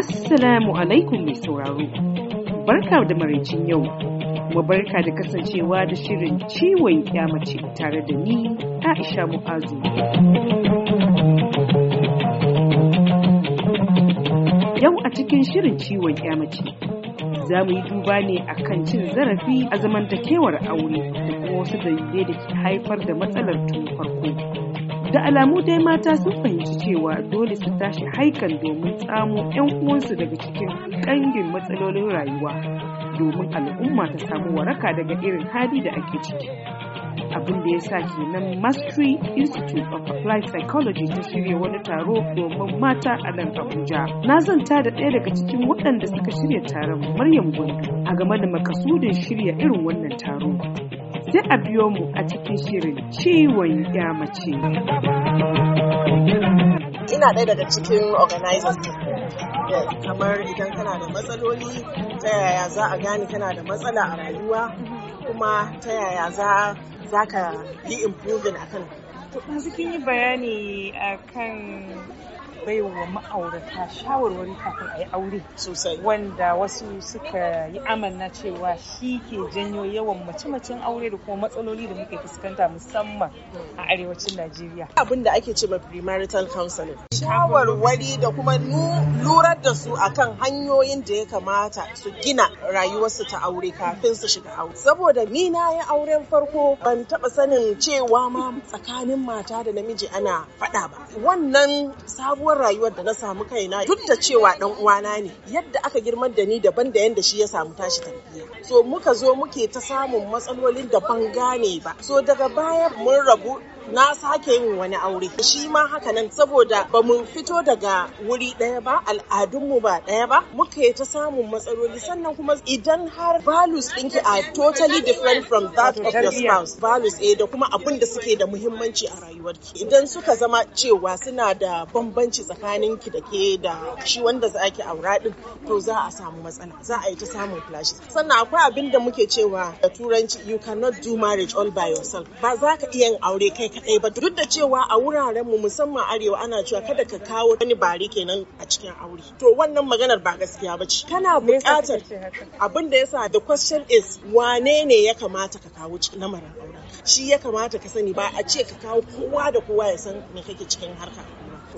Assalamu alaikum mai sauraro. Barka da maraicin yau. Kuma barka da kasancewa da shirin ciwon mace tare da ni Aisha Mu'azu. Yau a cikin shirin ciwon mace za mu yi duba ne a kan cin zarafi a zamantakewar aure da kuma wasu dalilai da ke haifar da matsalar tun farko. Da alamu dai mata sun fahimci cewa dole su tashi haikan domin tsamo 'yan uwansu daga cikin ƙangin matsalolin rayuwa domin al'umma ta samu waraka daga irin hali da ake ciki. Abin da ya sa kenan Mastery Institute of Applied Psychology ta shirya wani taro domin mata a nan Abuja. Na zanta da ɗaya daga cikin waɗanda suka shirya taron Maryam Gundu a game da makasudin shirya irin wannan taro. sai a biyo mu a cikin shirin ciwon ya mace. Ina ɗaya daga cikin organizers kamar idan kana da matsaloli ta yaya za a gane kana da matsala a rayuwa kuma ta yaya za za ka yi improving akan Yanzu kin yi bayani akan baiwa ma'aurata shawarwari kafin a yi aure sosai wanda wasu suka yi amanna cewa shi ke janyo yawan mace-macen aure da kuma matsaloli da muke fuskanta musamman a arewacin najeriya abin da ake ce ma premarital counseling shawarwari da kuma lurar da su akan hanyoyin da ya kamata su gina rayuwarsu ta aure kafin su shiga aure saboda ni na yi auren farko ban taɓa sanin cewa ma tsakanin tsakanin mata da namiji ana faɗa ba wannan sabuwar rayuwar da na samu kaina duk da cewa dan uwana ne yadda aka girma da ni daban da yanda shi ya samu tashi tafiya. so muka zo muke ta samun matsalolin da ban gane ba so daga baya mun rabu na sake yin wani aure shi ma haka nan saboda ba mu fito daga wuri ɗaya ba al'adunmu ba ɗaya ba muka yi ta samun matsaloli sannan kuma idan har values ɗinki a totally different from that of your spouse values eh da kuma abin da suke da muhimmanci a rayuwarki idan suka zama cewa suna da bambanci tsakanin ki da ke da shi wanda za ki aura din to za a samu matsala za a yi ta samun clashes sannan akwai abin da muke cewa da turanci you cannot do marriage all by yourself ba za ka iya yin aure kai kaɗai eh, ba duk da cewa a wuraren mu musamman arewa ana cewa kada ka kawo wani bari kenan a cikin aure to wannan maganar ba gaskiya ba ce kana buƙatar abin da yasa the question is wane ne ya kamata ka kawo cikin lamarin auren shi ya kamata ka sani ba a ce ka kawo kowa da kowa ya san me kake cikin harka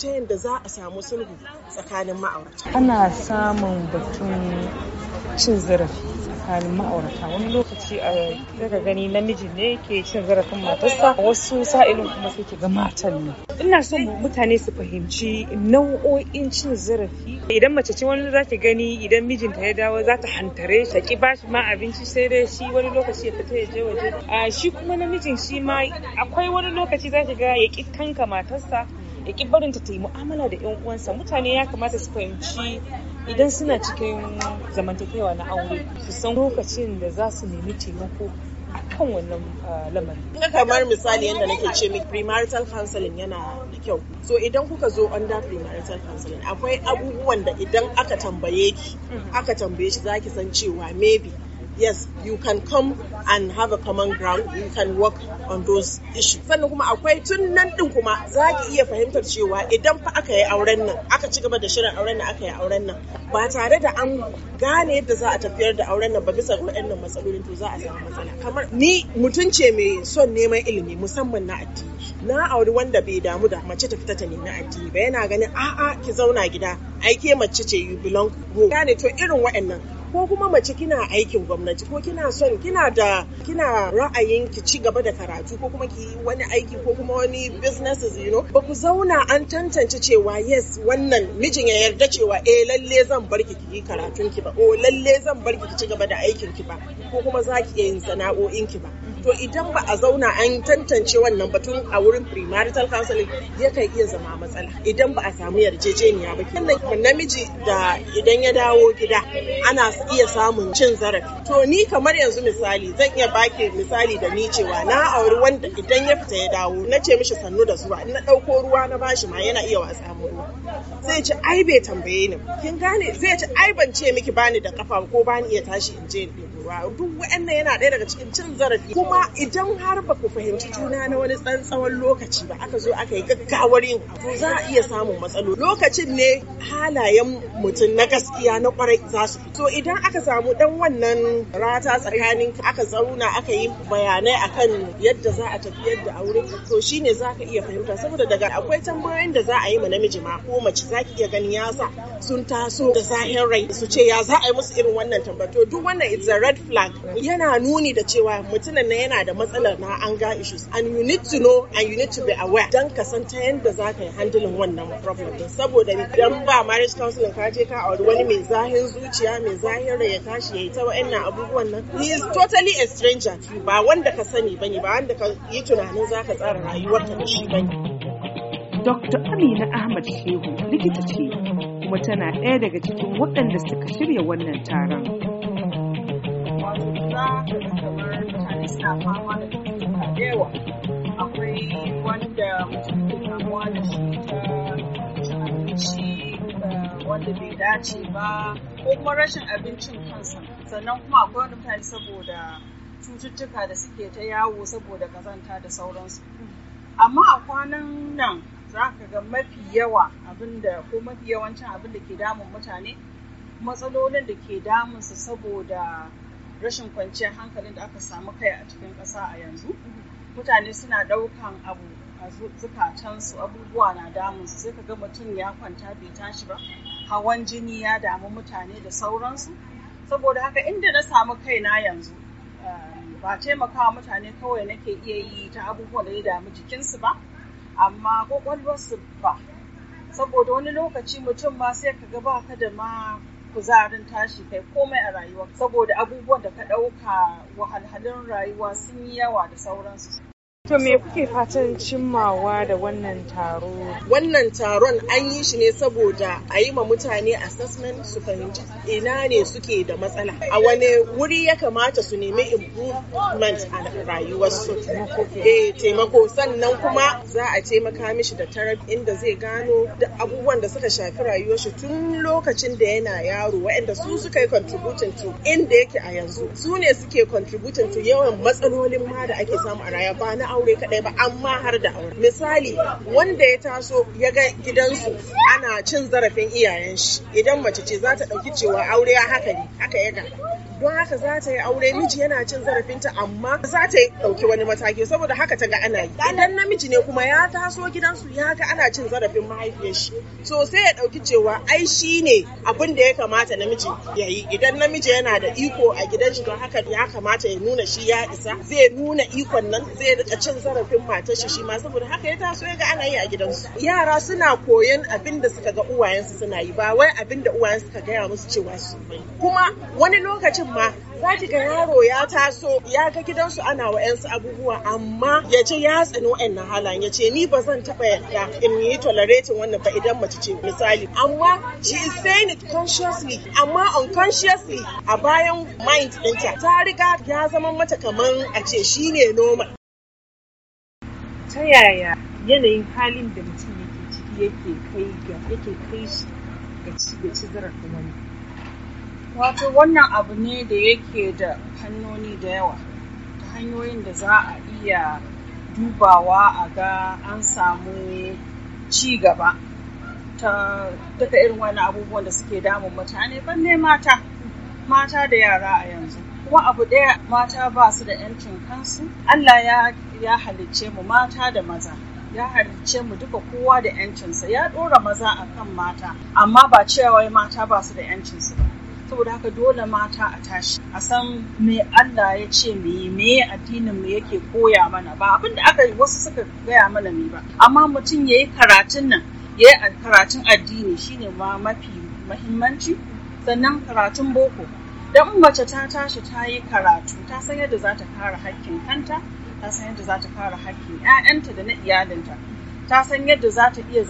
ta yadda za a samu sulhu tsakanin ma'aurata ana samun batun cin zarafi tsakanin ma'aurata wani lokaci a daga gani namijin ne ke cin zarafin matarsa wasu sa'ilin kuma sai ga matan ne ina son mutane su fahimci nau'o'in cin zarafi idan mace ce wani za ki gani idan mijinta ya dawo za ta hantare shi ki ba shi ma abinci sai dai shi wani lokaci ya fita ya je waje shi kuma namijin shi ma akwai wani lokaci za ki ga ya ki kanka matarsa ya ki barin ta yi mu'amala da 'yan uwansa mutane ya kamata su fahimci idan suna cikin zamantakewa na aure su san lokacin da za su nemi taimako kan wannan lamarin. Ina kamar misali yadda nake ce miki premarital counseling yana da kyau. So idan kuka zo under premarital counseling akwai abubuwan da idan aka tambaye ki, mm. aka tambaye shi zaki san cewa maybe yes you can come and have a common ground you can work on those issues sannan kuma akwai tun nan din kuma za ki iya fahimtar cewa idan fa aka yi auren nan aka ci gaba da shirin auren nan aka yi auren nan ba tare da an gane yadda za a tafiyar da auren nan ba bisa waɗannan matsalolin to za a samu matsala kamar ni mutum ce mai son neman ilimi musamman na addini na auri wanda bai damu da mace ta fita ta nemi addini ba yana ganin a'a ki zauna gida aike mace ce you belong home gane to irin waɗannan ko kuma mace kina aikin gwamnati ko kina son kina da kina ra'ayin ki ci gaba da karatu ko kuma ki wani aiki ko kuma wani businesses you know ba ku zauna an tantance cewa yes wannan mijin ya yarda cewa eh lalle zan bar ki ki karatun ki ba o oh, lalle zan bar ki ki ci gaba da aikin ki ba ko kuma za ki yin sana'o'in ki ba to idan ba a zauna an tantance wannan batun a wurin primarital counseling yakan iya zama matsala idan ba a samu yarjejeniya ba kenan namiji da idan ya dawo gida ana iya samun cin zarafi to ni kamar yanzu misali zan iya baki misali da ni cewa na auri wanda idan ya fita ya dawo na ce mishi sannu da zuwa na ɗauko ruwa na bashi ma yana iya wasa mu ruwa zai ci ai bai tambaye ni kin gane zai ci ai ban ce miki bani da kafa ko bani iya tashi in je ni. cutarwa duk waɗannan yana ɗaya daga cikin cin zarafi kuma idan har ba ku fahimci juna na wani ɗan tsawon lokaci ba aka zo aka yi gaggawar yin to za a iya samun matsalo lokacin ne halayen mutum na gaskiya na kwarai za su fito idan aka samu dan wannan rata tsakanin aka zauna aka yi bayanai akan yadda za a tafiyar da aure to shine za ka iya fahimta saboda daga akwai tambayoyin da za a yi ma namiji ma ko mace za ki iya ganin yasa sun taso da zahin rai su ce ya za a yi musu irin wannan tambato duk wannan it's a red red flag yana nuni da cewa mutumin nan yana da matsalar na anger issues and you need to know and you need to be aware Don ka san ta yadda za ka yi handling wannan problem din saboda idan ba marriage counseling ka je ka auri wani mai zahin zuciya mai zahin rai ya tashi yi ta wa'annan abubuwan nan he is totally a stranger to ba wanda ka sani ne ba wanda ka yi tunanin za ka tsara rayuwarka da shi ne. Dr. Amina Ahmad Shehu likita ce kuma tana ɗaya daga cikin waɗanda suka shirya wannan taron. yana fama da wanda bai dace ba ko kuma rashin abincin kansa sannan kuma akwai wanda mutane saboda cututtuka da suke ta yawo saboda kazanta da sauransu amma a kwanan nan za ka ga mafi yawa abinda ko mafi yawancin abinda ke damun mutane matsalolin da ke damunsu saboda rashin kwanciyar hankalin da aka samu kai a cikin ƙasa a yanzu mutane suna ɗaukan abu a zukatansu abubuwa na damunsu sai ka ga mutum ya kwanta bai tashi ba hawan jini ya damu mutane da sauransu saboda haka inda na samu kai na yanzu eh, ba taimakawa mutane kawai nake iya yi ta abubuwa da ya damu jikinsu ba amma kwakwalwarsu ba saboda wani lokaci mutum ma sai ka ga ba ka da ma kuzarin tashi kai komai a rayuwa saboda abubuwan da ka ɗauka wahalhalun rayuwa sun yi yawa da sauransu To me kuke fatan cimmawa da wannan taro? Wannan taron an yi shi ne saboda a yi ma mutane assessment su fahimci ina ne suke da matsala. A wani wuri ya kamata su nemi improvement a rayuwarsu. Eh taimako sannan kuma za a taimaka mishi da tarab inda zai gano da abubuwan da suka shafi rayuwar shi tun lokacin da yana yaro waɗanda su suka yi contributing to inda yake a yanzu. Su ne suke contributing to yawan matsalolin ma da ake samu a rayuwa ba na aure kaɗai ba amma har da aure misali wanda ya taso ya ga gidansu ana cin zarafin iyayen shi idan mace ce za ta ɗauki cewa aure ya haka ne haka ya ga don haka za ta yi aure miji yana cin zarafinta amma za ta yi ɗauki wani mataki saboda haka ta ga ana yi idan namiji ne kuma ya taso gidansu ya ga ana cin zarafin mahaifiyar shi so sai ya ɗauki cewa ai shi ne abin da ya kamata namiji ya yi idan namiji yana da iko a gidan shi don haka ya kamata ya nuna shi ya isa zai nuna ikon nan zai rika cin zarafin matar shi shi ma saboda haka ya taso ya ga ana yi a gidansu yara suna koyon abin da suka ga uwayensu suna yi ba wai abin da uwayensu suka gaya musu cewa su kuma wani lokacin gidajen ma za ki ga yaro ya taso ya ga gidansu ana wa yansu abubuwa amma ya ce ya tsani wa'annan halayen ya ce ni ba zan taɓa yarda in yi tolerating wannan ba idan mace ce misali amma she is saying it consciously amma unconsciously a bayan mind ɗinta ta riga ya zama mata kamar a ce shine normal ta yaya yanayin halin da mutum yake ciki yake kai ga yake kai shi ga ci wani Wato wannan abu ne da yake da hanyoyi da yawa, ta hanyoyin da za a iya dubawa a ga an samu ci gaba ta daga irin wani abubuwan da suke damun mutane balle mata, mata da yara a yanzu. Kuma abu ɗaya mata ba su da 'yancin kansu, Allah ya, ya halicce mu mata da maza. ya halicce mu duka kowa da 'yancinsa ya ɗora maza a kan mata amma ba cewa mata ba su da 'yancinsu ba saboda haka dole mata a tashi a san me Allah ya ce me me addinin mu yake koya mana ba abin da aka wasu suka gaya mana ne ba amma mutum yayi karatun nan yayi karatun addini shine ma mafi muhimmanci sannan karatun boko dan mace ta tashi ta yi karatu ta san yadda za ta kare hakkin kanta ta san yadda za ta kare hakkin 'ya'yanta da na iyalinta ta san yadda za ta iya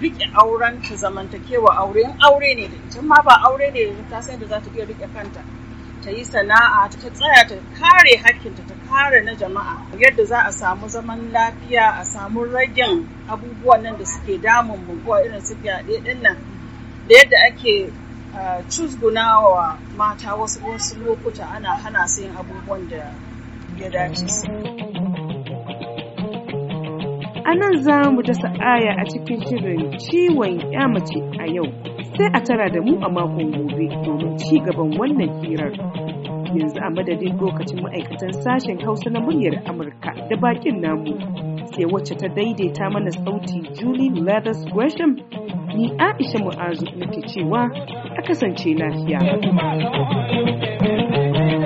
riƙe auren ta zamantakewa aure in aure ne da ita ma ba aure ne da ta san yadda za ta iya rike kanta ta yi sana'a ta tsaya ta kare hakkinta ta kare na jama'a yadda za a samu zaman lafiya a samu ragin abubuwan nan da suke damun buguwa irin su fyaɗe ɗin nan da yadda ake wa mata wasu wasu lokuta ana hana su yin abubuwan da ya dace su. A nan za mu dasa aya a cikin shirin ciwon ya mace a yau sai a tara da mu a makon gobe domin ci gaban wannan hirar. Yanzu a madadin lokacin ma'aikatan sashen Hausa na muryar Amurka da bakin namu sai wacce ta daidaita mana sauti Julie Leathers Gresham ni Aisha Mu'azu nake cewa a kasance lafiya.